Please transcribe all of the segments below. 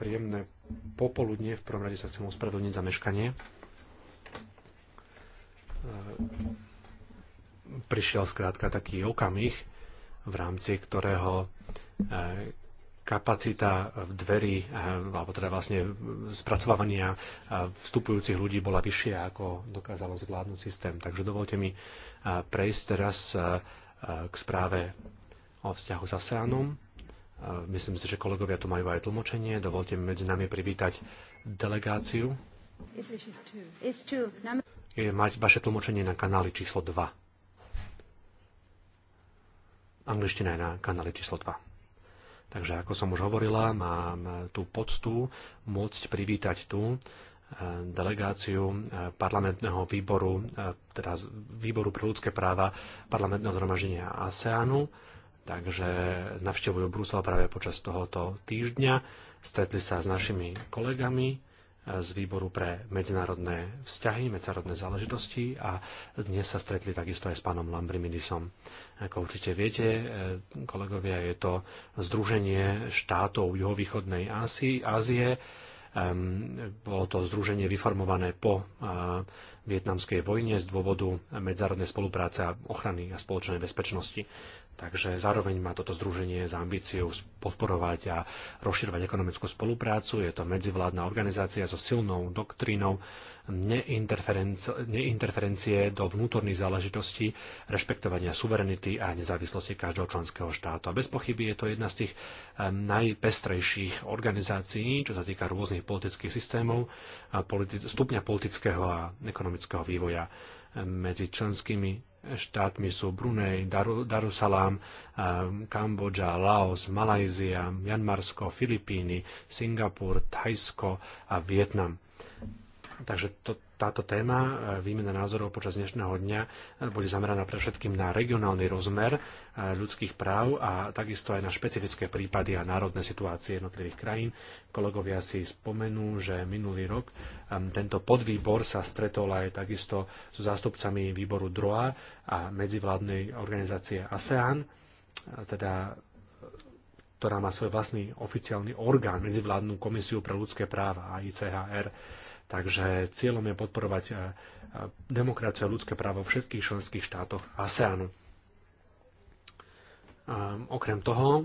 Príjemné popoludne. V prvom rade sa chcem ospravedlniť za meškanie. E, prišiel skrátka taký okamih, v rámci ktorého e, kapacita v dverí, e, alebo teda vlastne spracovávania vstupujúcich ľudí bola vyššia, ako dokázalo zvládnuť systém. Takže dovolte mi prejsť teraz k správe o vzťahu s ASEANom. Myslím si, že kolegovia tu majú aj tlmočenie. Dovolte mi medzi nami privítať delegáciu. Je mať vaše tlmočenie na kanáli číslo 2. Angličtina je na kanáli číslo 2. Takže ako som už hovorila, mám tú poctu môcť privítať tú eh, delegáciu eh, parlamentného výboru, eh, teda výboru pre ľudské práva parlamentného zhromaždenia ASEANu takže navštevujú Brusel práve počas tohoto týždňa. Stretli sa s našimi kolegami e, z výboru pre medzinárodné vzťahy, medzinárodné záležitosti a dnes sa stretli takisto aj s pánom Lambriminisom. Ako určite viete, e, kolegovia, je to Združenie štátov juhovýchodnej Ázie. Bolo to združenie vyformované po e, vietnamskej vojne z dôvodu medzinárodnej spolupráce a ochrany a spoločnej bezpečnosti. Takže zároveň má toto združenie za ambíciu podporovať a rozširovať ekonomickú spoluprácu. Je to medzivládna organizácia so silnou doktrínou neinterferencie do vnútorných záležitostí, rešpektovania suverenity a nezávislosti každého členského štátu. A bez pochyby je to jedna z tých najpestrejších organizácií, čo sa týka rôznych politických systémov, politi- stupňa politického a ekonomického vývoja medzi členskými štátmi sú Brunei, Darussalam, ehm, Kambodža, Laos, Malajzia, Janmarsko, Filipíny, Singapur, Thajsko a Vietnam. Takže to, táto téma e, výmena názorov počas dnešného dňa e, bude zameraná pre všetkým na regionálny rozmer e, ľudských práv a takisto aj na špecifické prípady a národné situácie jednotlivých krajín. Kolegovia si spomenú, že minulý rok tento podvýbor sa stretol aj takisto so zástupcami výboru DROA a medzivládnej organizácie ASEAN, teda ktorá má svoj vlastný oficiálny orgán, medzivládnu komisiu pre ľudské práva a ICHR Takže cieľom je podporovať eh, demokraciu a ľudské právo v všetkých členských štátoch ASEANu. Okrem toho, eh,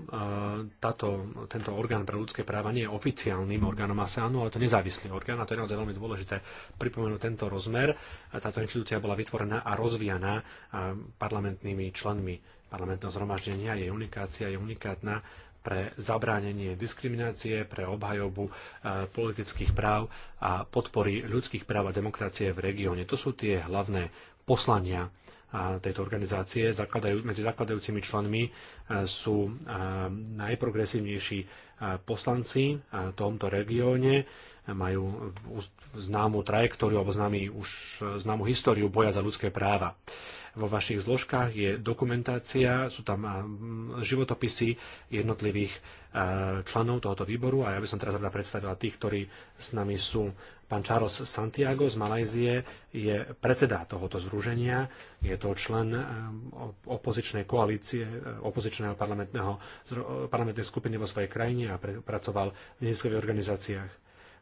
táto, tento orgán pre ľudské práva nie je oficiálnym orgánom ASEANu, ale to nezávislý orgán a to je naozaj veľmi dôležité pripomenúť tento rozmer. Táto inštitúcia bola vytvorená a rozvíjaná eh, parlamentnými členmi parlamentného zhromaždenia. Jej unikácia je unikátna pre zabránenie diskriminácie, pre obhajobu e, politických práv a podpory ľudských práv a demokracie v regióne. To sú tie hlavné poslania e, tejto organizácie. medzi zakladajúcimi členmi e, sú najprogresívnejší poslanci v tomto regióne, majú známu trajektóriu alebo už známu históriu boja za ľudské práva. Vo vašich zložkách je dokumentácia, sú tam mm, životopisy jednotlivých členov tohoto výboru a ja by som teraz rada predstavila tých, ktorí s nami sú. Pán Charles Santiago z Malajzie je predseda tohoto Zruženia, je to člen opozičnej koalície, opozičného parlamentného, parlamentnej skupiny vo svojej krajine a pracoval v neziskových organizáciách.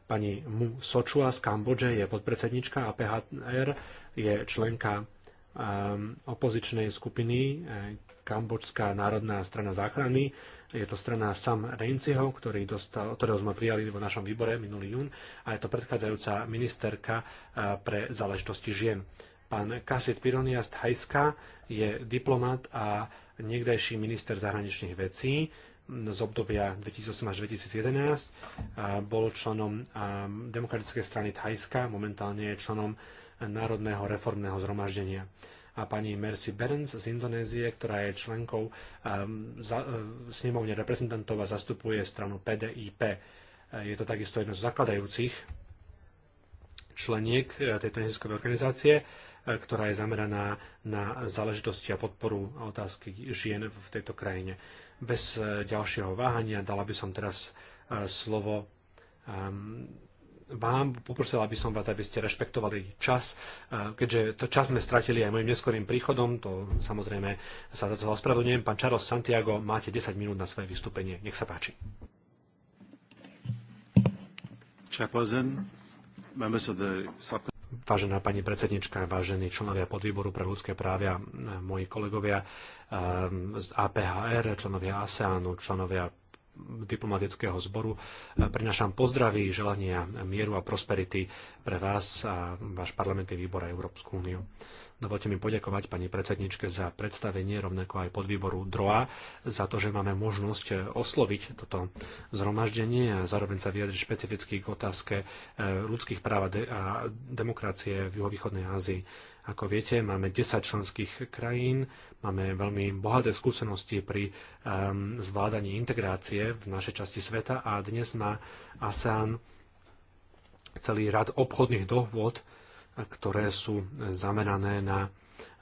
Pani Mu Sočua z Kambodže je podpredsednička APHR je členka Um, opozičnej skupiny eh, Kambočská národná strana záchrany. Je to strana Sam Reinciho, ktorý dostal, ktorého sme prijali vo našom výbore minulý jún a je to predchádzajúca ministerka eh, pre záležitosti žien. Pán Kasit Pironia Hajska Thajska je diplomat a niekdajší minister zahraničných vecí z obdobia 2008 až 2011. Bol členom eh, Demokratickej strany Thajska, momentálne je členom Národného reformného zhromaždenia a pani Mercy Berens z Indonézie, ktorá je členkou um, za, um, snemovne reprezentantov a zastupuje stranu PDIP. Je to takisto jedno z zakladajúcich členiek uh, tejto neziskovej organizácie, uh, ktorá je zameraná na záležitosti a podporu a otázky žien v tejto krajine. Bez ďalšieho váhania dala by som teraz slovo um, vám, poprosil aby som vás, aby ste rešpektovali čas, e, keďže to čas sme stratili aj mojim neskorým príchodom, to samozrejme sa za to ospravedlňujem. Pán Charles Santiago, máte 10 minút na svoje vystúpenie. Nech sa páči. Vážená pani predsednička, vážení členovia podvýboru pre ľudské právia, e, moji kolegovia e, z APHR, členovia ASEANu, členovia diplomatického zboru. E, Prinašam pozdravy, želania mieru a prosperity pre vás a váš parlamentný výbor a Európsku úniu. Dovolte mi poďakovať pani predsedničke za predstavenie, rovnako aj podvýboru DROA, za to, že máme možnosť e, osloviť toto zhromaždenie a zároveň sa vyjadriť špecificky k otázke e, ľudských práv a, a demokracie v juhovýchodnej Ázii. Ako viete, máme 10 členských krajín, máme veľmi bohaté skúsenosti pri um, zvládaní integrácie v našej časti sveta a dnes má ASEAN celý rad obchodných dohôd, ktoré sú zamerané na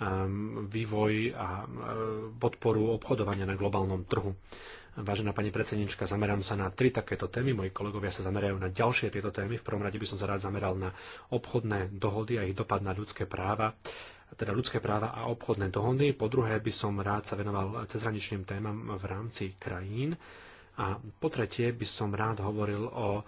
ehm, vývoj a e, podporu obchodovania na globálnom trhu. Vážená pani predsednička, zamerám sa na tri takéto témy. Moji kolegovia sa zamerajú na ďalšie tieto témy. V prvom rade by som sa rád zameral na obchodné dohody a ich dopad na ľudské práva teda ľudské práva a obchodné dohody. Po druhé by som rád sa venoval cezhraničným témam v rámci krajín. A po tretie by som rád hovoril o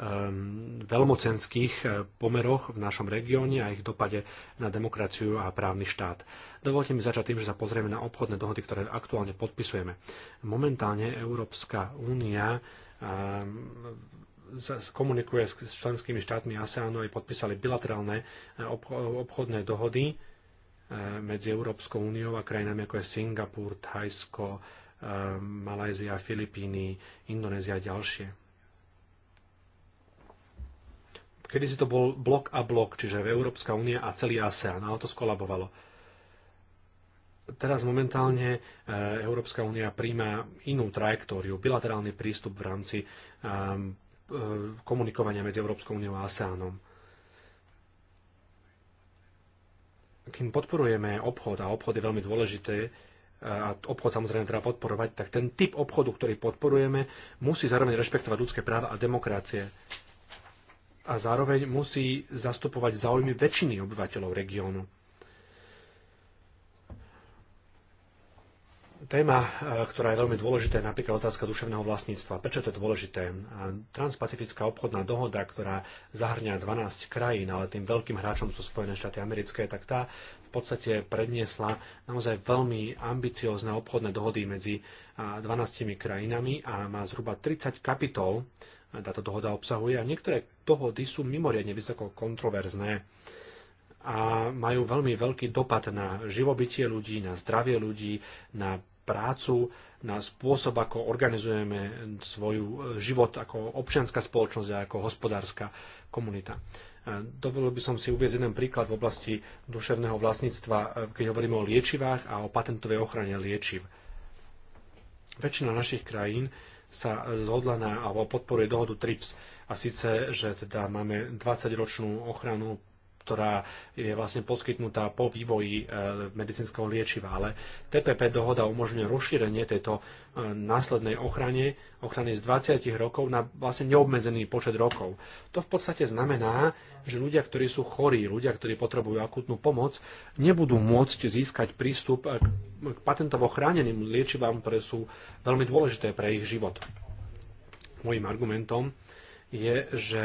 Um, veľmocenských uh, pomeroch v našom regióne a ich dopade na demokraciu a právny štát. Dovolte mi začať tým, že sa pozrieme na obchodné dohody, ktoré aktuálne podpisujeme. Momentálne Európska únia um, komunikuje s členskými štátmi ASEANu a podpísali bilaterálne uh, obchodné dohody uh, medzi Európskou úniou a krajinami ako je Singapur, Thajsko, um, Malajzia, Filipíny, Indonézia a ďalšie. Kedy si to bol blok a blok, čiže Európska únia a celý ASEAN, ale to skolabovalo. Teraz momentálne e, Európska únia príjma inú trajektóriu, bilaterálny prístup v rámci e, e, komunikovania medzi Európskou úniou a ASEANom. kým podporujeme obchod, a obchod je veľmi dôležité, a obchod samozrejme treba podporovať, tak ten typ obchodu, ktorý podporujeme, musí zároveň rešpektovať ľudské práva a demokracie a zároveň musí zastupovať záujmy väčšiny obyvateľov regiónu. Téma, e, ktorá je veľmi dôležitá, je napríklad otázka duševného vlastníctva. Prečo to je dôležité? E, Transpacifická obchodná dohoda, ktorá zahrňa 12 krajín, ale tým veľkým hráčom sú Spojené štáty americké, tak tá v podstate predniesla naozaj veľmi ambiciózne obchodné dohody medzi 12 krajinami a má zhruba 30 kapitol, táto dohoda obsahuje a niektoré dohody sú mimoriadne vysoko kontroverzné a majú veľmi veľký dopad na živobytie ľudí, na zdravie ľudí, na prácu, na spôsob, ako organizujeme svoj život ako občianská spoločnosť a ako hospodárska komunita. Dovolil by som si uvieť jeden príklad v oblasti duševného vlastníctva, keď hovoríme o liečivách a o patentovej ochrane liečiv. Väčšina našich krajín sa zhodla na, alebo podporuje dohodu TRIPS. A síce, že teda máme 20-ročnú ochranu ktorá je vlastne poskytnutá po vývoji e, medicínskeho liečiva. Ale TPP dohoda umožňuje rozšírenie tejto e, následnej ochrane, ochrany z 20 rokov na vlastne neobmedzený počet rokov. To v podstate znamená, že ľudia, ktorí sú chorí, ľudia, ktorí potrebujú akútnu pomoc, nebudú môcť získať prístup e, k patentovo chráneným liečivám, ktoré sú veľmi dôležité pre ich život. Mojím argumentom je, že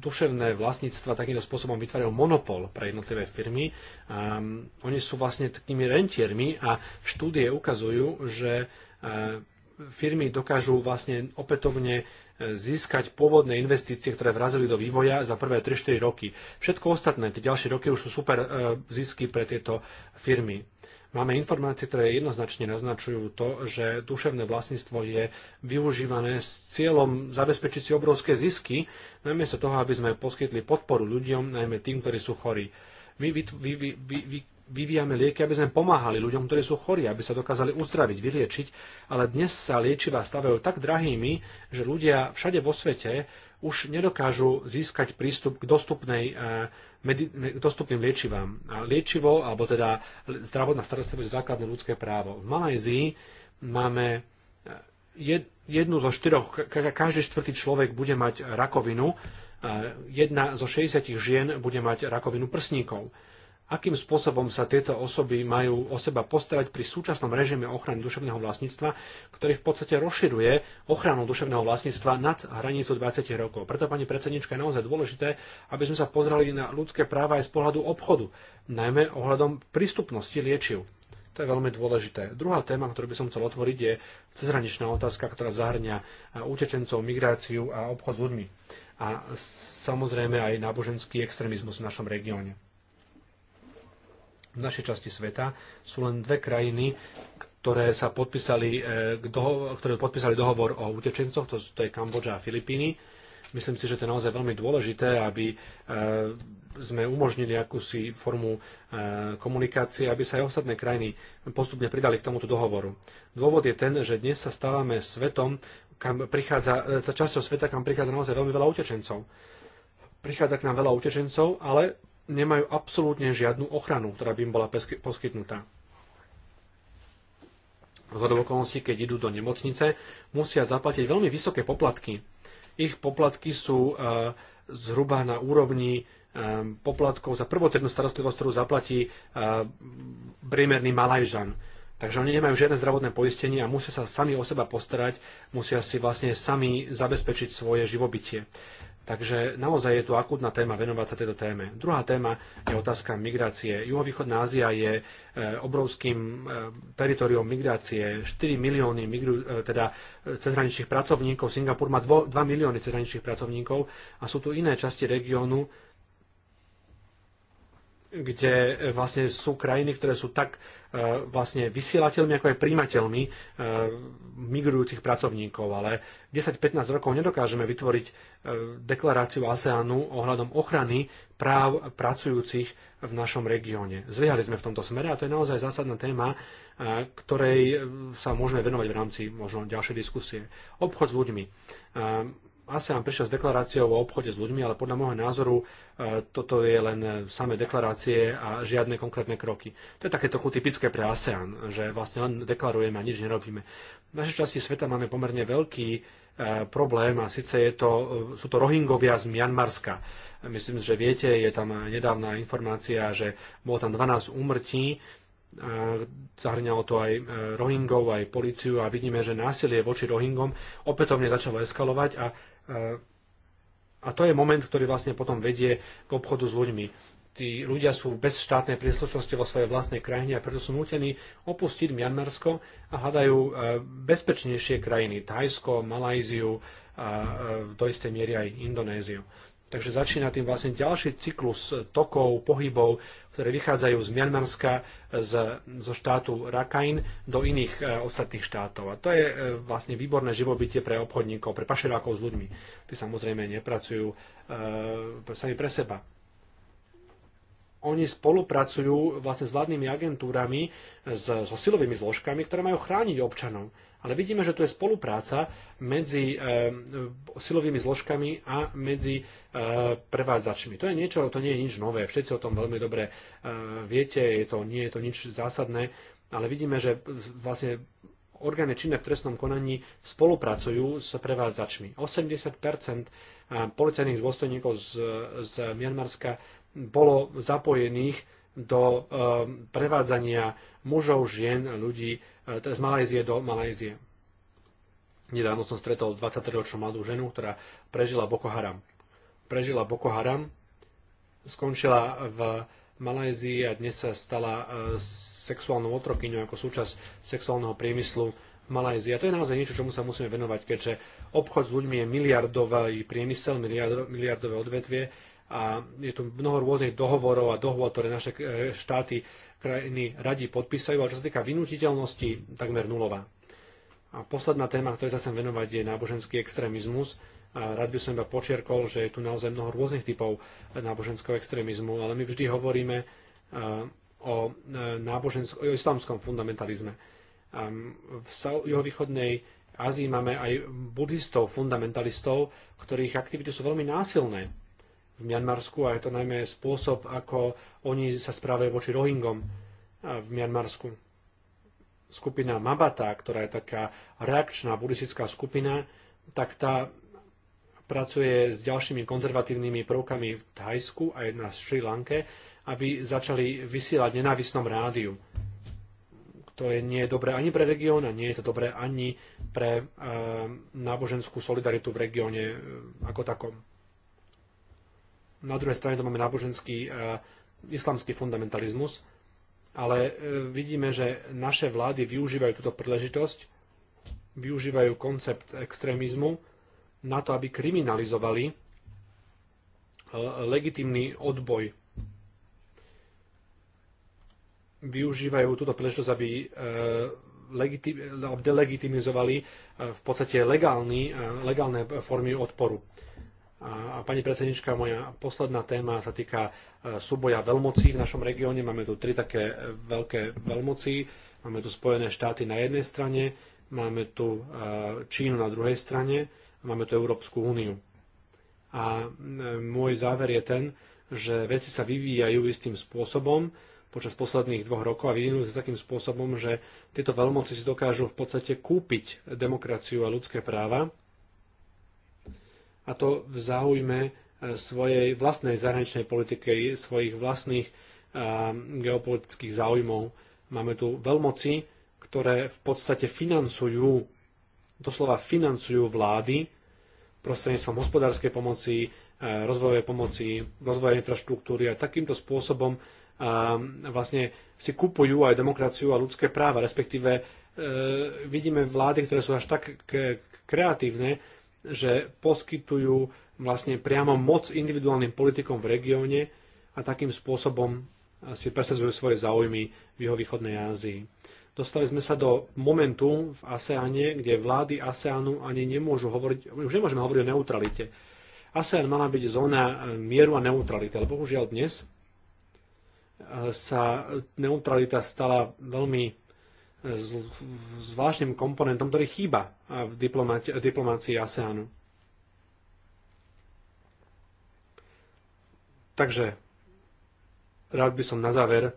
duševné vlastníctva takýmto spôsobom vytvárajú monopol pre jednotlivé firmy. Um, oni sú vlastne takými rentiermi a štúdie ukazujú, že uh, firmy dokážu vlastne opätovne e, získať pôvodné investície, ktoré vrazili do vývoja za prvé 3-4 roky. Všetko ostatné, tie ďalšie roky už sú super e, zisky pre tieto firmy. Máme informácie, ktoré jednoznačne naznačujú to, že duševné vlastníctvo je využívané s cieľom zabezpečiť si obrovské zisky, namiesto toho, aby sme poskytli podporu ľuďom, najmä tým, ktorí sú chorí. My vy, vy, vy, vy, vyvíjame lieky, aby sme pomáhali ľuďom, ktorí sú chorí, aby sa dokázali uzdraviť, vyliečiť, ale dnes sa liečiva stavajú tak drahými, že ľudia všade vo svete už nedokážu získať prístup k dostupnej e, k dostupným liečivám. Liečivo, alebo teda zdravotná starostlivosť je základné ľudské právo. V Malajzii máme e, jednu zo štyroch, každý štvrtý človek bude mať rakovinu, e, jedna zo 60 žien bude mať rakovinu prsníkov akým spôsobom sa tieto osoby majú o seba postarať pri súčasnom režime ochrany duševného vlastníctva, ktorý v podstate rozširuje ochranu duševného vlastníctva nad hranicu 20 rokov. Preto, pani predsednička, je naozaj dôležité, aby sme sa pozreli na ľudské práva aj z pohľadu obchodu, najmä ohľadom prístupnosti liečiv. To je veľmi dôležité. Druhá téma, ktorú by som chcel otvoriť, je cezhraničná otázka, ktorá zahrňa utečencov, migráciu a obchod s ľuďmi. A samozrejme aj náboženský extrémizmus v našom regióne v našej časti sveta sú len dve krajiny, ktoré, sa podpísali, e, ktoré podpísali dohovor o utečencoch, to, to je Kambodža a Filipíny. Myslím si, že to je naozaj veľmi dôležité, aby e, sme umožnili akúsi formu e, komunikácie, aby sa aj ostatné krajiny postupne pridali k tomuto dohovoru. Dôvod je ten, že dnes sa stávame svetom, kam prichádza, tá časťou sveta, kam prichádza naozaj veľmi veľa utečencov. Prichádza k nám veľa utečencov, ale nemajú absolútne žiadnu ochranu, ktorá by im bola poskytnutá. Vzhľadom okolností, keď idú do nemocnice, musia zaplatiť veľmi vysoké poplatky. Ich poplatky sú e, zhruba na úrovni e, poplatkov za prvotrednú starostlivosť, ktorú zaplatí e, priemerný Malajžan. Takže oni nemajú žiadne zdravotné poistenie a musia sa sami o seba postarať, musia si vlastne sami zabezpečiť svoje živobytie. Takže naozaj je tu akútna téma venovať sa tejto téme. Druhá téma je otázka migrácie. Juhovýchodná Ázia je e, obrovským e, teritoriom migrácie. 4 milióny migru, e, teda cezhraničných pracovníkov. Singapur má 2 milióny cezhraničných pracovníkov a sú tu iné časti regiónu, kde e, vlastne sú krajiny, ktoré sú tak e, vlastne vysielateľmi, ako aj príjimateľmi e, migrujúcich pracovníkov. Ale 10-15 rokov nedokážeme vytvoriť deklaráciu ASEANu ohľadom ochrany práv pracujúcich v našom regióne. Zlyhali sme v tomto smere a to je naozaj zásadná téma, ktorej sa môžeme venovať v rámci možno ďalšej diskusie. Obchod s ľuďmi ASEAN prišiel s deklaráciou o obchode s ľuďmi, ale podľa môjho názoru e, toto je len e, samé deklarácie a žiadne konkrétne kroky. To je také trochu typické pre ASEAN, že vlastne len deklarujeme a nič nerobíme. V našej časti sveta máme pomerne veľký e, problém a síce je to, sú to Rohingovia z Mianmarska. Myslím, že viete, je tam nedávna informácia, že bolo tam 12 úmrtí, zahrňalo to aj Rohingov, aj policiu a vidíme, že násilie voči Rohingom opätovne začalo eskalovať a a to je moment, ktorý vlastne potom vedie k obchodu s ľuďmi. Tí ľudia sú bez štátnej príslušnosti vo svojej vlastnej krajine a preto sú nútení opustiť Mianmarsko a hľadajú e, bezpečnejšie krajiny. Thajsko, Malajziu a e, do istej miery aj Indonéziu. Takže začína tým vlastne ďalší cyklus tokov, pohybov, ktoré vychádzajú z Mianmarska, z, zo štátu Rakhine do iných e, ostatných štátov. A to je e, vlastne výborné živobytie pre obchodníkov, pre pašerákov s ľuďmi. Tí samozrejme nepracujú e, sami pre seba oni spolupracujú vlastne s vládnymi agentúrami, s, so silovými zložkami, ktoré majú chrániť občanov. Ale vidíme, že tu je spolupráca medzi e, silovými zložkami a medzi e, prevádzačmi. To je niečo, to nie je nič nové. Všetci o tom veľmi dobre e, viete, je to, nie je to nič zásadné, ale vidíme, že vlastne orgány činné v trestnom konaní spolupracujú s prevádzačmi. 80 policajných dôstojníkov z, z Mianmarska bolo zapojených do ehm, prevádzania mužov, žien, ľudí e, z Malajzie do Malajzie. Nedávno som stretol 23-ročnú mladú ženu, ktorá prežila Boko Haram. Prežila Boko Haram, skončila v Malajzii a dnes sa stala e, sexuálnou otrokyňou ako súčasť sexuálneho priemyslu v Malajzii. A to je naozaj niečo, čomu sa musíme venovať, keďže obchod s ľuďmi je miliardový priemysel, miliardové odvetvie a je tu mnoho rôznych dohovorov a dohôd, ktoré naše e, štáty krajiny radi podpísajú, ale čo sa týka vynutiteľnosti, takmer nulová. A posledná téma, ktorej sa chcem venovať, je náboženský extrémizmus. A rád by som iba počiarkol, že je tu naozaj mnoho rôznych typov náboženského extrémizmu, ale my vždy hovoríme e, o, e, o islamskom fundamentalizme. V juhovýchodnej Ázii máme aj buddhistov, fundamentalistov, ktorých aktivity sú veľmi násilné v Mianmarsku a je to najmä spôsob, ako oni sa správajú voči Rohingom eh, v Mianmarsku. Skupina Mabata, ktorá je taká reakčná buddhistická skupina, tak tá pracuje s ďalšími konzervatívnymi prvkami v Thajsku a jedna v Sri Lanke, aby začali vysielať nenávisnom rádiu, ktoré nie je dobré ani pre región a nie je to dobré ani pre eh, náboženskú solidaritu v regióne eh, ako takom. Na druhej strane to máme náboženský e, islamský fundamentalizmus, ale e, vidíme, že naše vlády využívajú túto príležitosť, využívajú koncept extrémizmu na to, aby kriminalizovali e, legitimný odboj. Využívajú túto príležitosť, aby delegitimizovali v podstate legálny, legálne formy odporu. A, pani predsednička, moja posledná téma sa týka e, súboja veľmocí v našom regióne. Máme tu tri také e, veľké veľmoci. Máme tu Spojené štáty na jednej strane, máme tu e, Čínu na druhej strane a máme tu Európsku úniu. A môj záver je ten, že veci sa vyvíjajú istým spôsobom počas posledných dvoch rokov a vyvinuli sa takým spôsobom, že tieto veľmoci si dokážu v podstate kúpiť demokraciu a ľudské práva a to v záujme e, svojej vlastnej zahraničnej politike, svojich vlastných e, geopolitických záujmov. Máme tu veľmoci, ktoré v podstate financujú, doslova financujú vlády prostredníctvom hospodárskej pomoci, e, rozvojovej pomoci, rozvojovej infraštruktúry a takýmto spôsobom vlastne si kupujú aj demokraciu a ľudské práva, respektíve vidíme vlády, ktoré sú až tak kreatívne, že poskytujú vlastne priamo moc individuálnym politikom v regióne a takým spôsobom eh, si presadzujú svoje záujmy v východnej Ázii. Dostali sme sa do momentu v ASEANe, kde vlády ASEANu ani nemôžu hovoriť, už nemôžeme hovoriť o neutralite. ASEAN mala byť zóna eh, mieru a neutrality, ale bohužiaľ dnes eh, sa neutralita stala veľmi zvláštnym komponentom, ktorý chýba v diplomácii ASEANu. Takže rád by som na záver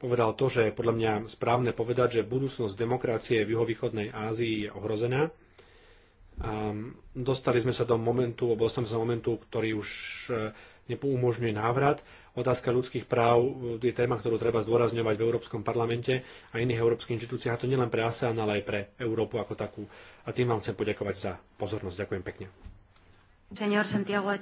povedal to, že je podľa mňa správne povedať, že budúcnosť demokracie v juhovýchodnej Ázii je ohrozená. Um, dostali sme sa do momentu, alebo dostali sa do momentu, ktorý už uh, neumožňuje návrat. Otázka ľudských práv e, je téma, ktorú treba zdôrazňovať v Európskom parlamente a iných európskych inštitúciách, a to nielen pre ASEAN, ale aj pre Európu ako takú. A tým vám chcem poďakovať za pozornosť. Ďakujem pekne. Santiago,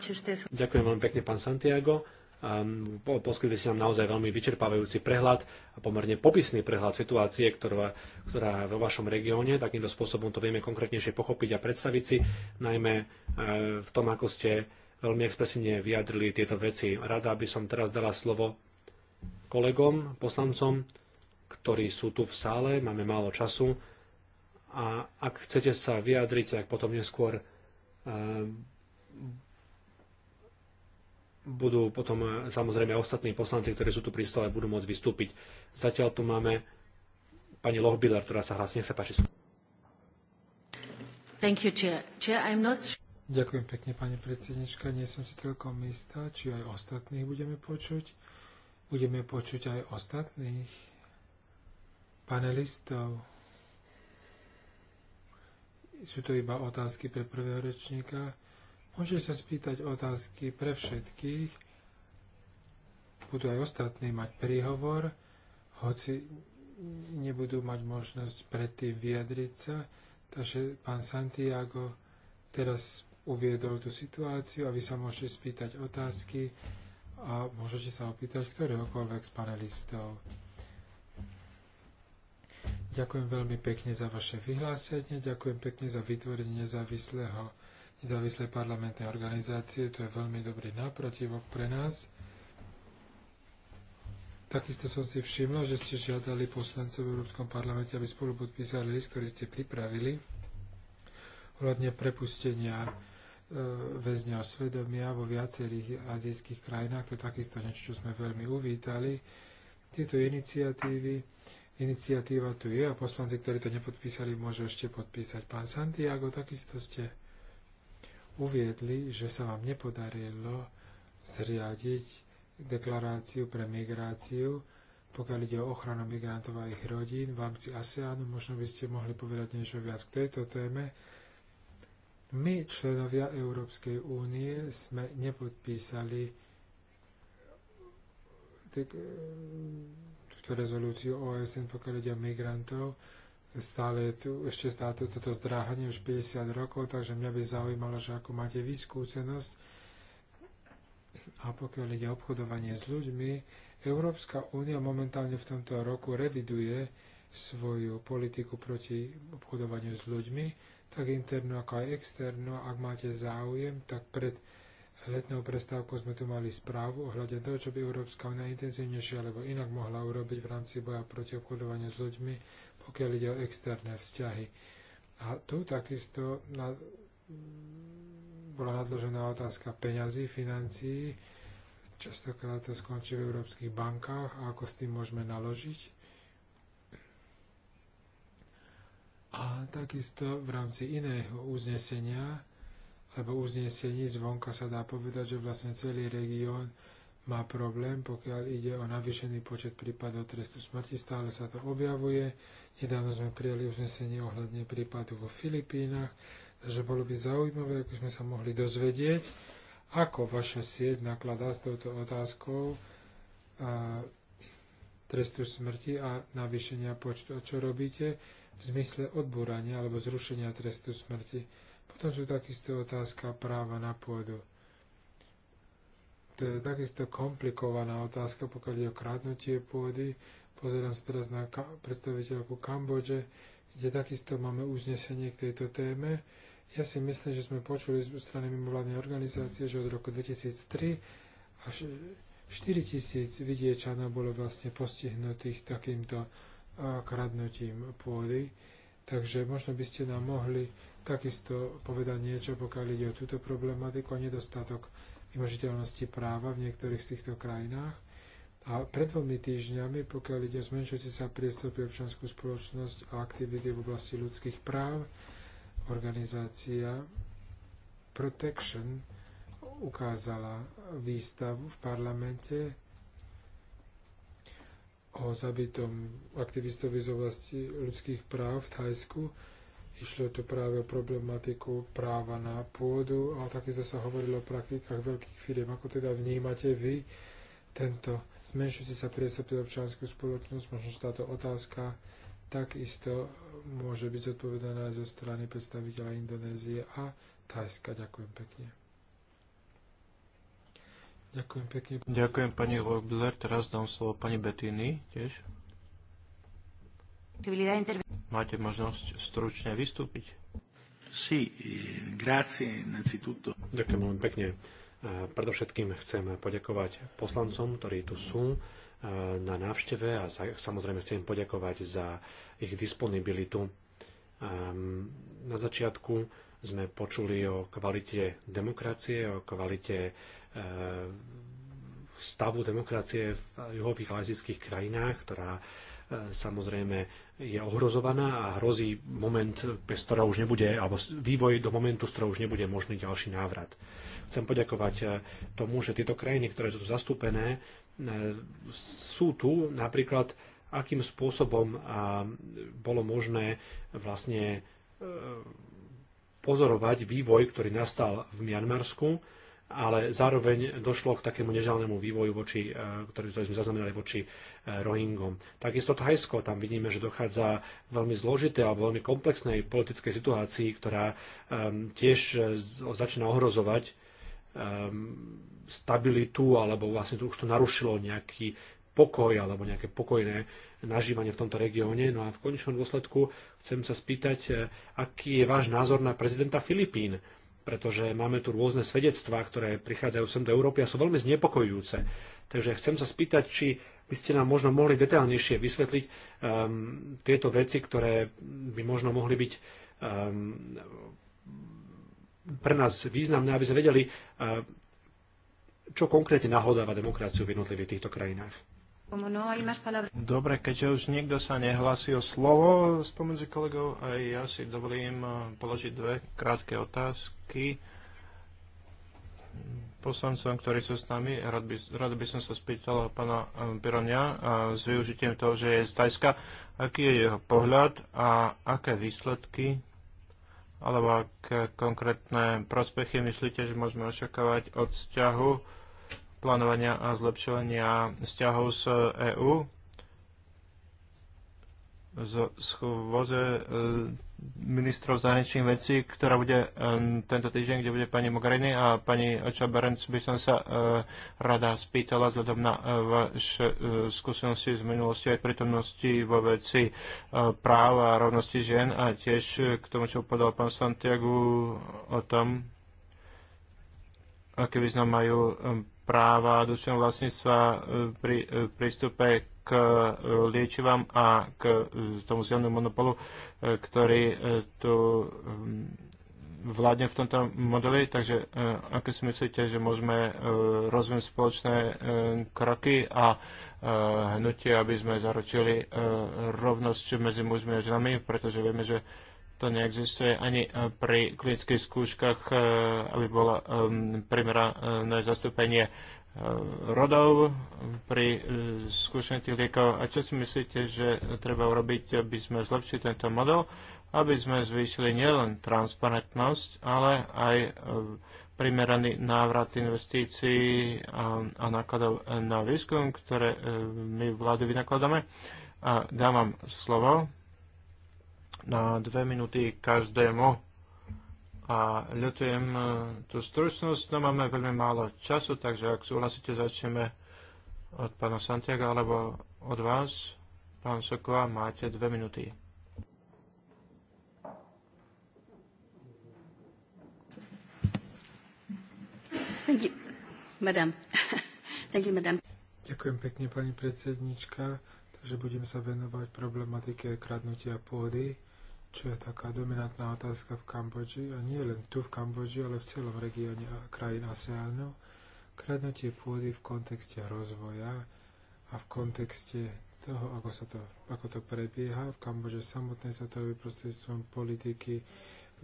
Ďakujem veľmi pekne, pán Santiago. Um, poskytli ste nám naozaj veľmi vyčerpávajúci prehľad a pomerne popisný prehľad situácie, ktorá, ktorá vo vašom regióne. Takýmto spôsobom to vieme konkrétnejšie pochopiť a predstaviť si, najmä e, v tom, ako ste veľmi expresívne vyjadrili tieto veci. Rada by som teraz dala slovo kolegom, poslancom, ktorí sú tu v sále, máme málo času a ak chcete sa vyjadriť, tak potom neskôr eh, budú potom eh, samozrejme ostatní poslanci, ktorí sú tu pri stole, budú môcť vystúpiť. Zatiaľ tu máme pani Lohbiller, ktorá sa hlasne sa páči. Thank you, Chair. Chair, I'm not... Ďakujem pekne, pani predsednička. Nie som si celkom istá, či aj ostatných budeme počuť. Budeme počuť aj ostatných panelistov. Sú to iba otázky pre prvého rečníka. Môžete sa spýtať otázky pre všetkých. Budú aj ostatní mať príhovor, hoci nebudú mať možnosť predtým vyjadriť sa. Takže pán Santiago, teraz uviedol tú situáciu a vy sa môžete spýtať otázky a môžete sa opýtať ktoréhokoľvek z panelistov. Ďakujem veľmi pekne za vaše vyhlásenie, ďakujem pekne za vytvorenie nezávislého, nezávislej parlamentnej organizácie, to je veľmi dobrý náprotivok pre nás. Takisto som si všimla, že ste žiadali poslancov v Európskom parlamente, aby spolu podpísali list, ktorý ste pripravili ohľadne prepustenia E, väzňov svedomia vo viacerých azijských krajinách. To je takisto niečo, čo sme veľmi uvítali. Tieto iniciatívy, iniciatíva tu je a poslanci, ktorí to nepodpísali, môžu ešte podpísať. Pán Santiago, takisto ste uviedli, že sa vám nepodarilo zriadiť deklaráciu pre migráciu, pokiaľ ide o ochranu migrantov a ich rodín v rámci ASEANu. Možno by ste mohli povedať niečo viac k tejto téme my, členovia Európskej únie, sme nepodpísali e, túto rezolúciu OSN, pokiaľ ide o migrantov. Stále je tu, ešte stále toto zdráhanie už 50 rokov, takže mňa by zaujímalo, že ako máte vy skúsenosť. A pokiaľ ide obchodovanie s ľuďmi, Európska únia momentálne v tomto roku reviduje svoju politiku proti obchodovaniu s ľuďmi tak internú, ako aj externú. Ak máte záujem, tak pred letnou prestávkou sme tu mali správu ohľadne toho, čo by Európska únia intenzívnejšie alebo inak mohla urobiť v rámci boja proti obchodovaniu s ľuďmi, pokiaľ ide o externé vzťahy. A tu takisto na, bola nadložená otázka peňazí, financií. Častokrát to skončí v európskych bankách a ako s tým môžeme naložiť. A takisto v rámci iného uznesenia alebo uznesení zvonka sa dá povedať, že vlastne celý región má problém, pokiaľ ide o navýšený počet prípadov trestu smrti. Stále sa to objavuje. Nedávno sme prijali uznesenie ohľadne prípadu vo Filipínach, takže bolo by zaujímavé, ako sme sa mohli dozvedieť, ako vaša sieť nakladá s touto otázkou trestu smrti a navýšenia počtu. A čo robíte v zmysle odbúrania alebo zrušenia trestu smrti? Potom sú takisto otázka práva na pôdu. To je takisto komplikovaná otázka, pokiaľ je o kradnutie pôdy. Pozerám sa teraz na ka- predstaviteľku Kambodže, kde takisto máme uznesenie k tejto téme. Ja si myslím, že sme počuli z strany mimovládnej organizácie, že od roku 2003 až 4 tisíc vidiečanov bolo vlastne postihnutých takýmto kradnutím pôdy. Takže možno by ste nám mohli takisto povedať niečo, pokiaľ ide o túto problematiku a nedostatok vymožiteľnosti práva v niektorých z týchto krajinách. A pred dvomi týždňami, pokiaľ ide o zmenšujúci sa priestor pre občanskú spoločnosť a aktivity v oblasti ľudských práv, organizácia Protection ukázala výstavu v parlamente o zabitom aktivistovi z oblasti ľudských práv v Thajsku. Išlo to práve o problematiku práva na pôdu a takisto sa hovorilo o praktikách veľkých firiem. Ako teda vnímate vy tento zmenšujúci sa priestor pre občianskú spoločnosť? Možno, že táto otázka takisto môže byť zodpovedaná zo strany predstaviteľa Indonézie a Thajska. Ďakujem pekne. Ďakujem pekne. Ďakujem pani Logbler. Teraz dám slovo pani Betiny tiež. Máte možnosť stručne vystúpiť? Sí, eh, grazie innanzitutto. Ďakujem veľmi pekne. Eh, predovšetkým chcem poďakovať poslancom, ktorí tu sú eh, na návšteve a samozrejme chcem poďakovať za ich disponibilitu. Ehm, na začiatku sme počuli o kvalite demokracie, o kvalite E, stavu demokracie v juhových azijských krajinách, ktorá e, samozrejme je ohrozovaná a hrozí moment, bez ktorého už nebude, alebo vývoj do momentu, z ktorého už nebude možný ďalší návrat. Chcem poďakovať e, tomu, že tieto krajiny, ktoré sú zastúpené, sú tu napríklad, akým spôsobom bolo možné vlastne pozorovať vývoj, ktorý nastal v Mianmarsku, ale zároveň došlo k takému nežálnemu vývoju, voči, e, ktorý sme zaznamenali voči e, Rohingom. Takisto Thajsko, tam vidíme, že dochádza veľmi zložité alebo veľmi komplexnej politickej situácii, ktorá e, tiež začína ohrozovať stabilitu alebo vlastne to už to narušilo nejaký pokoj alebo nejaké pokojné nažívanie v tomto regióne. No a v konečnom dôsledku chcem sa spýtať, aký je váš názor na prezidenta Filipín, pretože máme tu rôzne svedectvá, ktoré prichádzajú sem do Európy a sú veľmi znepokojujúce. Takže chcem sa spýtať, či by ste nám možno mohli detaľnejšie vysvetliť um, tieto veci, ktoré by možno mohli byť um, pre nás významné, aby sme vedeli, uh, čo konkrétne nahodáva demokraciu v jednotlivých týchto krajinách. No Dobre, keďže už nikto sa nehlási o slovo spomedzi kolegov, aj ja si dovolím eh, položiť dve krátke otázky poslancom, ktorí sú s nami. Rád by, rád by som sa spýtal pána eh, Pironia eh, s využitím toho, že je z Tajska. Aký je jeho pohľad a aké výsledky alebo aké konkrétne prospechy myslíte, že môžeme očakávať od vzťahu plánovania a zlepšovania vzťahov s EÚ z schôze e, ministrov zahraničných vecí, ktorá bude e, tento týždeň, kde bude pani Mogherini a pani Oča Berenc, by som sa e, rada spýtala vzhľadom na vaše skúsenosti z minulosti aj prítomnosti vo veci práv a rovnosti žien a tiež k tomu, čo povedal pán Santiago o tom, aký význam majú práva duševného vlastníctva e, pri e, prístupe k e, liečivám a k tomu silnému monopolu, ktorý tu hm, vládne v tomto modeli, takže ako si myslíte, že môžeme rozvinúť spoločné kroky a hnutie, aby sme zaručili rovnosť medzi mužmi a ženami, pretože vieme, že to neexistuje ani eh, pri klinických skúškach, eh, aby bolo ehm, primerané zastúpenie eh, rodov pri skúšaní tých liekov. A čo si myslíte, že treba urobiť, aby sme zlepšili tento model, aby sme zvýšili nielen transparentnosť, ale aj primeraný návrat investícií a, ehm, a nákladov na výskum, ktoré my vlády vynakladáme. A dávam slovo na dve minúty každému. A ľutujem e, tú stručnosť, no máme veľmi málo času, takže ak súhlasíte, začneme od pána Santiago alebo od vás. Pán Sokova, máte dve minúty. Ďakujem pekne, pani predsednička. Takže budem sa venovať problematike kradnutia pôdy čo je taká dominantná otázka v Kambodži a nie len tu v Kambodži, ale v celom regióne krajín ASEANu, kradnutie pôdy v kontexte rozvoja a v kontexte toho, ako, sa to, ako to prebieha. V Kambodži. samotné sa to robí prostredstvom politiky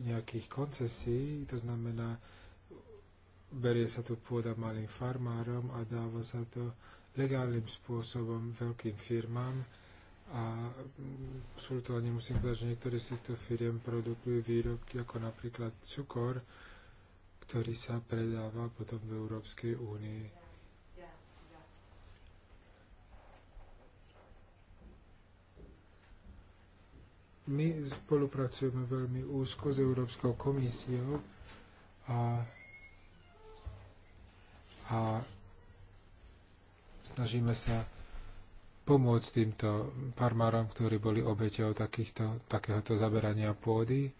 nejakých koncesí, to znamená, berie sa tu pôda malým farmárom a dáva sa to legálnym spôsobom veľkým firmám, a mm, sultáne musím povedať, že niektoré z týchto firiem produkujú výrobky ako napríklad cukor, ktorý sa predáva potom v Európskej únii. My spolupracujeme veľmi úzko s Európskou komisiou a, a snažíme sa pomôcť týmto farmárom, ktorí boli obeťou takýchto, takéhoto zaberania pôdy.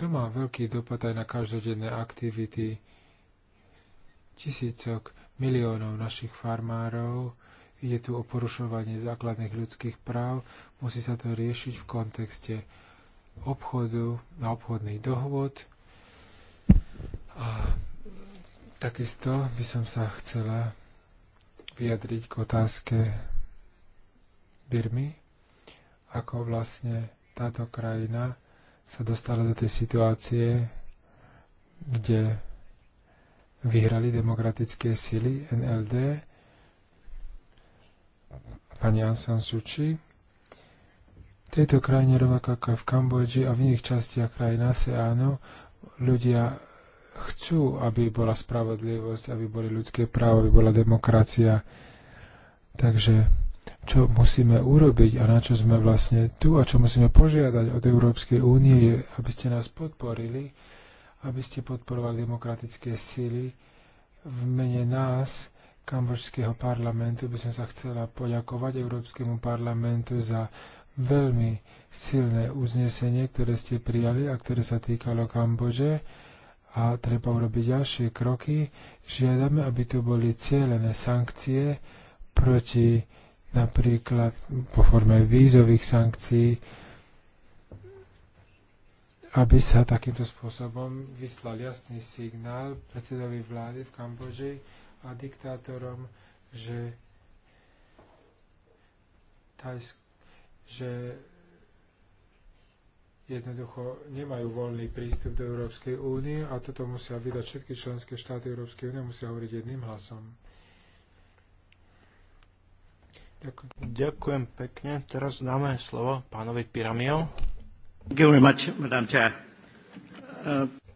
To má veľký dopad aj na každodenné aktivity tisícok, miliónov našich farmárov. Ide tu o porušovanie základných ľudských práv. Musí sa to riešiť v kontexte obchodu a obchodných dohod. A takisto by som sa chcela vyjadriť k otázke Birmy, ako vlastne táto krajina sa dostala do tej situácie, kde vyhrali demokratické sily NLD, pani Aung San Suu Kyi. V tejto krajine, rovnako ako v Kambodži a v iných častiach krajín ASEANu, ľudia chcú, aby bola spravodlivosť, aby boli ľudské práva, aby bola demokracia. Takže čo musíme urobiť a na čo sme vlastne tu a čo musíme požiadať od Európskej únie je, aby ste nás podporili, aby ste podporovali demokratické síly v mene nás, kambočského parlamentu, by som sa chcela poďakovať Európskemu parlamentu za veľmi silné uznesenie, ktoré ste prijali a ktoré sa týkalo Kambodže a treba urobiť ďalšie kroky. Žiadame, aby tu boli cieľené sankcie proti napríklad po forme vízových sankcií, aby sa takýmto spôsobom vyslal jasný signál predsedovi vlády v Kambodži a diktátorom, že, tajsk, že jednoducho nemajú voľný prístup do Európskej únie a toto musia vydať všetky členské štáty Európskej únie, musia hovoriť jedným hlasom. Ďakujem. Ďakujem pekne. Teraz dáme slovo pánovi Pyramio. Uh,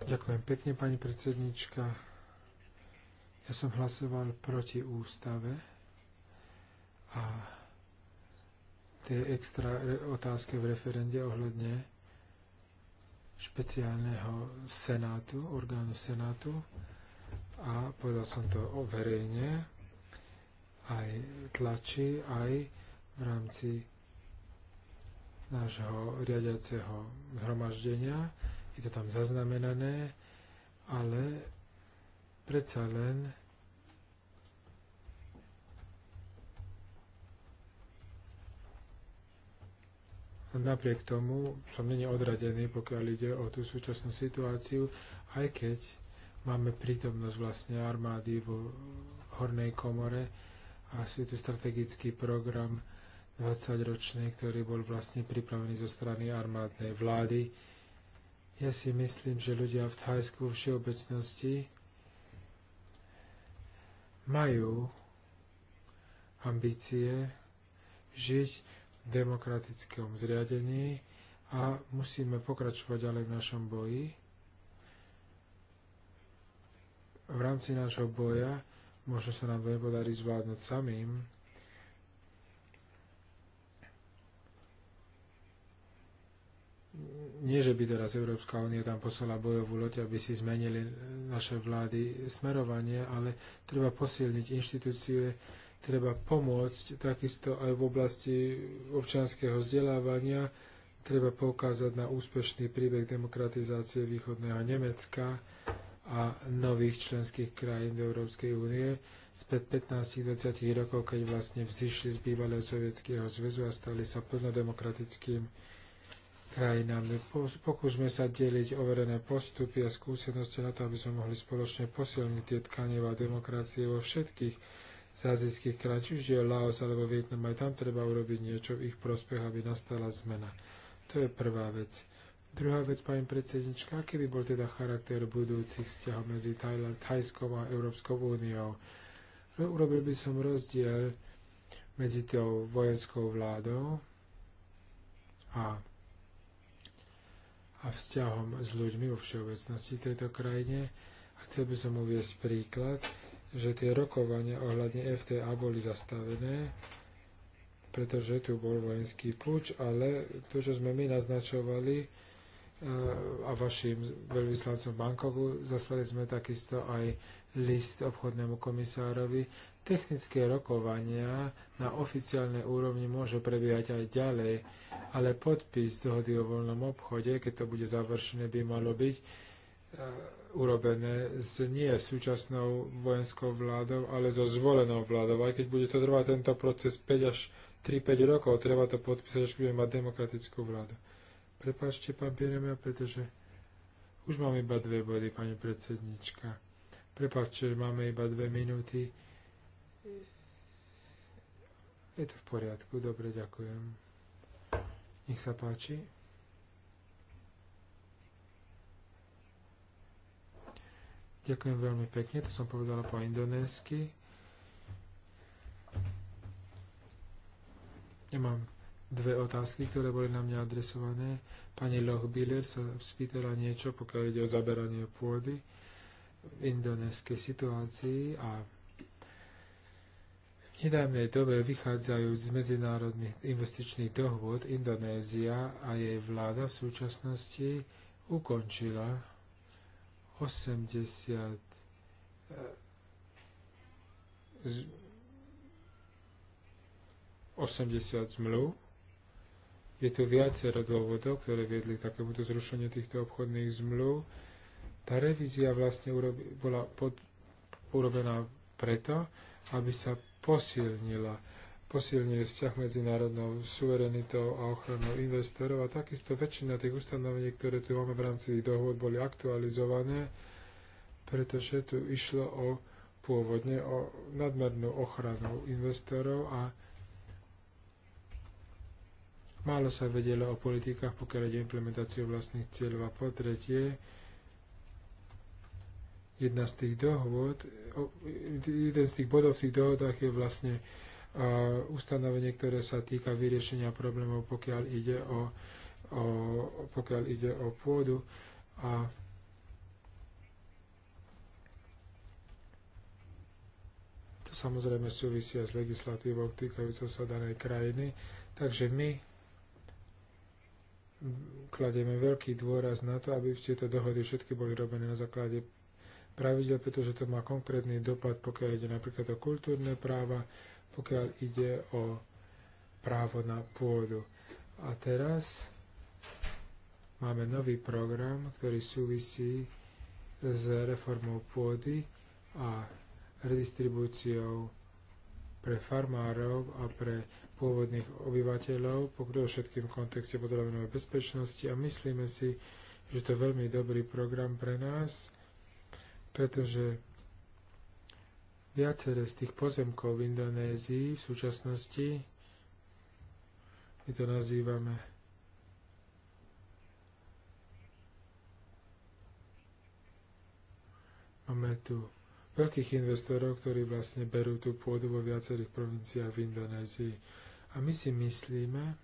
Ďakujem pekne, pani predsednička. Ja som hlasoval proti ústave a tie extra otázky v referende ohľadne špeciálneho senátu, orgánu senátu a povedal som to verejne aj tlači, aj v rámci nášho riadiaceho zhromaždenia. Je to tam zaznamenané, ale predsa len napriek tomu som není odradený, pokiaľ ide o tú súčasnú situáciu, aj keď máme prítomnosť vlastne armády vo hornej komore, a sú tu strategický program 20-ročný, ktorý bol vlastne pripravený zo strany armádnej vlády. Ja si myslím, že ľudia v Thajsku v všeobecnosti majú ambície žiť v demokratickom zriadení a musíme pokračovať ďalej v našom boji. V rámci nášho boja možno sa nám to nepodarí zvládnuť samým. Nie, že by teraz Európska únia tam poslala bojovú loď, aby si zmenili naše vlády smerovanie, ale treba posilniť inštitúcie, treba pomôcť takisto aj v oblasti občanského vzdelávania, treba poukázať na úspešný príbeh demokratizácie východného Nemecka, a nových členských krajín do Európskej únie spred 15-20 rokov, keď vlastne vzýšli z bývalého Sovietského zväzu a stali sa plnodemokratickým krajinami. Pokúsme sa deliť overené postupy a skúsenosti na to, aby sme mohli spoločne posilniť tie tkanieva demokracie vo všetkých z azijských krajín, či už je Laos alebo Vietnam, aj tam treba urobiť niečo v ich prospech, aby nastala zmena. To je prvá vec. Druhá vec, pani predsednička, aký by bol teda charakter budúcich vzťahov medzi Thajskou a Európskou úniou? No, urobil by som rozdiel medzi tou vojenskou vládou a, a vzťahom s ľuďmi vo všeobecnosti v tejto krajine. A chcel by som uviesť príklad, že tie rokovania ohľadne FTA boli zastavené, pretože tu bol vojenský púč, ale to, čo sme my naznačovali, Eh, a vašim veľvyslancom Bankovu. Zaslali sme takisto aj list obchodnému komisárovi. Technické rokovania na oficiálnej úrovni môžu prebiehať aj ďalej, ale podpis dohody o voľnom obchode, keď to bude završené, by malo byť eh, urobené s nie súčasnou vojenskou vládou, ale so zvolenou vládou. Aj keď bude to trvať tento proces 5 až 3-5 rokov, treba to podpísať, až budeme mať demokratickú vládu. Prepáčte, pán Pieremia, pretože už máme iba dve body, pani predsednička. Prepáčte, že máme iba dve minúty. Je to v poriadku, dobre, ďakujem. Nech sa páči. Ďakujem veľmi pekne, to som povedala po indonésky. Ja mám dve otázky, ktoré boli na mňa adresované. Pani Lochbiller sa spýtala niečo, pokiaľ ide o zaberanie pôdy v indonéskej situácii a v nedávnej dobe vychádzajú z medzinárodných investičných dohôd Indonézia a jej vláda v súčasnosti ukončila 80 80 eh, zmluv je tu viacero dôvodov, ktoré viedli k takémuto zrušeniu týchto obchodných zmluv. Tá revízia vlastne urobi, bola pod, urobená preto, aby sa posilnila posilnil vzťah medzi národnou suverenitou a ochranou investorov a takisto väčšina tých ustanovení, ktoré tu máme v rámci dohôd, boli aktualizované, pretože tu išlo o pôvodne o nadmernú ochranu investorov a Málo sa vedelo o politikách, pokiaľ ide implementáciu vlastných cieľov. A po tretie, jedna z tých dohôd, jeden z tých bodov v tých dohodách je vlastne uh, ustanovenie, ktoré sa týka vyriešenia problémov, pokiaľ ide o, o, pokiaľ ide o pôdu. A to samozrejme súvisia s legislatívou týkajúcou sa danej krajiny. Takže my kladieme veľký dôraz na to, aby tieto dohody všetky boli robené na základe pravidel, pretože to má konkrétny dopad, pokiaľ ide napríklad o kultúrne práva, pokiaľ ide o právo na pôdu. A teraz máme nový program, ktorý súvisí s reformou pôdy a redistribúciou pre farmárov a pre pôvodných obyvateľov, všetkým v kontexte potravinovej bezpečnosti a myslíme si, že to je veľmi dobrý program pre nás, pretože viaceré z tých pozemkov v Indonézii v súčasnosti, my to nazývame Máme tu veľkých investorov, ktorí vlastne berú tú pôdu vo viacerých provinciách v Indonézii. A my si myslíme,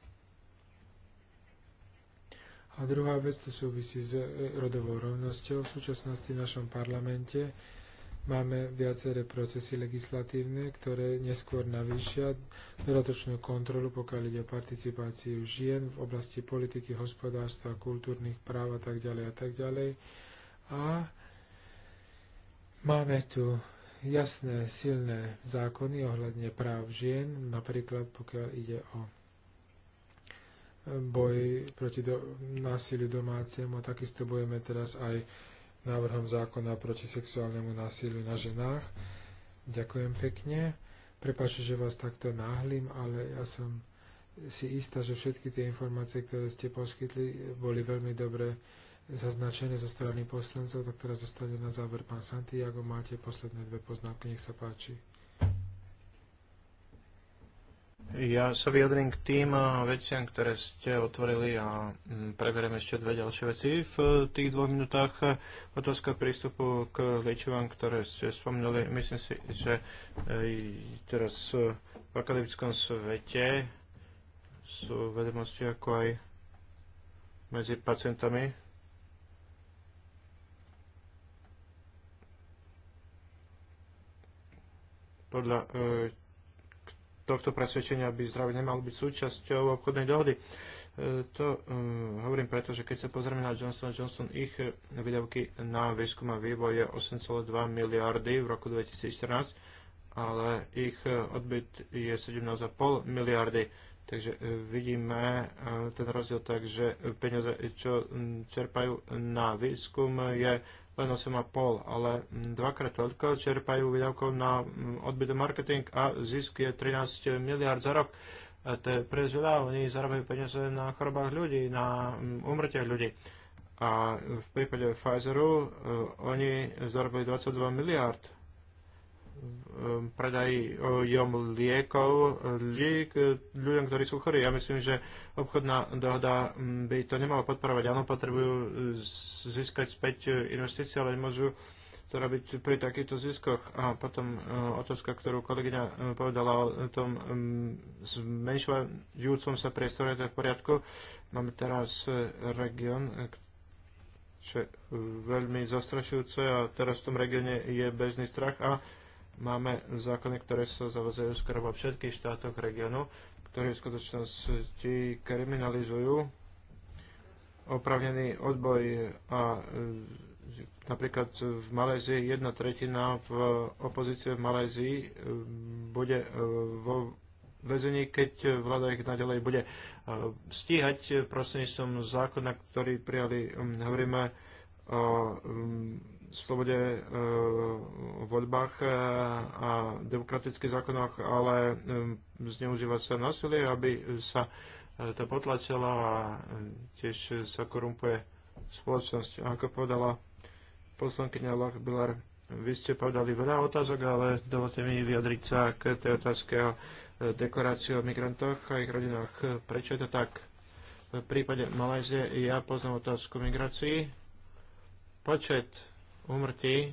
a druhá vec to súvisí s e, rodovou rovnosťou. V súčasnosti v našom parlamente máme viaceré procesy legislatívne, ktoré neskôr navýšia dodatočnú kontrolu, pokiaľ ide o participáciu žien v oblasti politiky, hospodárstva, kultúrnych práv a tak ďalej a tak ďalej. A máme tu jasné, silné zákony ohľadne práv žien, napríklad pokiaľ ide o e, boj proti do, násiliu domácemu, takisto bojujeme teraz aj návrhom zákona proti sexuálnemu násiliu na ženách. Ďakujem pekne. Prepačte, že vás takto náhlim, ale ja som si istá, že všetky tie informácie, ktoré ste poskytli, boli veľmi dobre zaznačené zo strany poslancov, tak teraz zostane na záver pán Santiago. Máte posledné dve poznámky, nech sa páči. Ja sa vyjadrím k tým eh, veciam, ktoré ste otvorili a mm, preberiem ešte dve ďalšie veci. V tých dvoch minútach eh, otázka prístupu k liečivám, ktoré ste spomínali. Myslím si, že eh, teraz v akademickom svete sú vedomosti ako aj medzi pacientami podľa e, tohto presvedčenia by zdravie nemalo byť súčasťou obchodnej dohody. E, to e, hovorím preto, že keď sa pozrieme na Johnson Johnson, ich výdavky na výskum a vývoj je 8,2 miliardy v roku 2014, ale ich odbyt je 17,5 miliardy Takže e, vidíme e, ten rozdiel tak, že peniaze, čo čerpajú na výskum, je len 8,5, ale dvakrát toľko čerpajú výdavkov na odbyt marketing a zisk je 13 miliard za rok. A to je príliš oni zarábajú peniaze na chorobách ľudí, na umrtiach ľudí. A v prípade Pfizeru e, oni zarobili 22 miliard predajom liekov liek e, ľuďom, ktorí sú chorí. Ja myslím, že obchodná dohoda by to nemala podporovať. Áno, potrebujú získať späť e, investície, ale nemôžu to robiť pri takýchto ziskoch. A potom e, otázka, ktorú kolegyňa povedala o tom zmenšujúcom sa priestore, to je v poriadku. Máme teraz region, čo je veľmi zastrašujúce a teraz v tom regióne je bežný strach a máme zákony, ktoré sa zavazujú skoro vo všetkých štátoch regiónu, ktoré v skutočnosti kriminalizujú opravnený odboj a e, napríklad v Malézii jedna tretina v opozície v Malézii e, bude e, vo väzení, keď vláda ich naďalej bude stíhať prostredníctvom zákona, ktorý prijali, hovoríme o slobode e, v voľbách e, a demokratických zákonoch, ale e, zneužíva sa násilie, aby sa to potlačilo a tiež sa korumpuje spoločnosť. Ako povedala poslankyňa Bilar, vy ste povedali veľa otázok, ale dovolte mi vyjadriť sa k tej otázke o deklarácii o migrantoch a ich rodinách. Prečo je to tak? V prípade Malajzie ja poznám otázku migrácii Počet úmrtí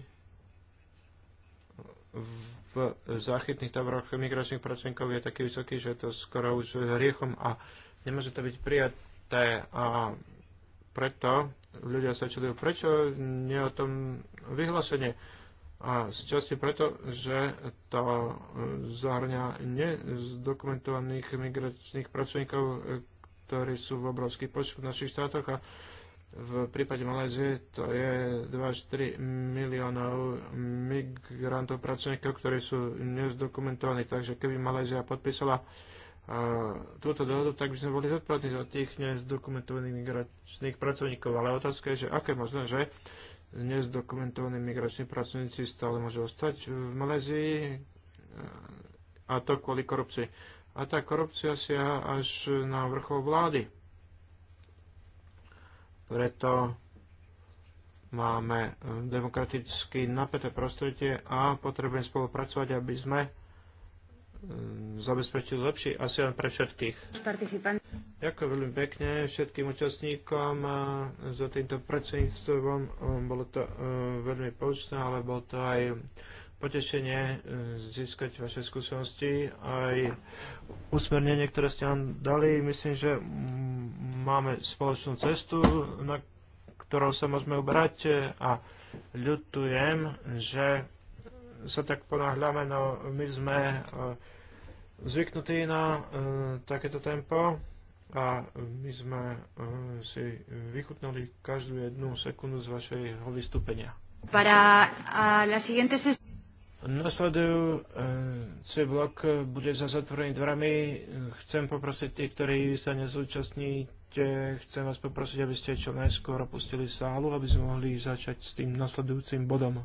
v záchytných táboroch migračných pracovníkov je taký vysoký, že je to skoro už hriechom a nemôže to byť prijaté a preto ľudia sa čudujú, prečo nie o tom vyhlásenie. A z časti preto, že to zahrňa nezdokumentovaných migračných pracovníkov, ktorí sú v obrovských počtoch v našich štátoch a v prípade Malézie to je 2-4 miliónov migrantov, pracovníkov, ktorí sú nezdokumentovaní. Takže keby Malézia podpísala e, túto dohodu, tak by sme boli zodpovední za tých nezdokumentovaných migračných pracovníkov. Ale otázka je, že aké možno, že nezdokumentovaní migrační pracovníci stále môžu ostať v Malézii e, a to kvôli korupcii. A tá korupcia siaha až na vrchol vlády preto máme demokraticky napäté prostredie a potrebujeme spolupracovať, aby sme mm, zabezpečili lepší ASEAN pre všetkých. Ďakujem veľmi pekne všetkým účastníkom za týmto predsedníctvom. Bolo to e, veľmi počné, ale bol to aj potešenie e, získať vaše skúsenosti aj usmernenie, ktoré ste nám dali. Myslím, že máme spoločnú cestu, na ktorou sa môžeme ubrať e, a ľutujem, že sa tak ponáhľame, no my sme e, zvyknutí na takéto tempo a my sme si vychutnali každú jednu sekundu z vašeho vystúpenia. Para la siguiente sesión. Nasledujú eh, C blok bude za zatvorenými dverami. Chcem poprosiť tých, ktorí sa nezúčastníte, chcem vás poprosiť, aby ste čo najskôr opustili sálu, aby sme mohli začať s tým nasledujúcim bodom.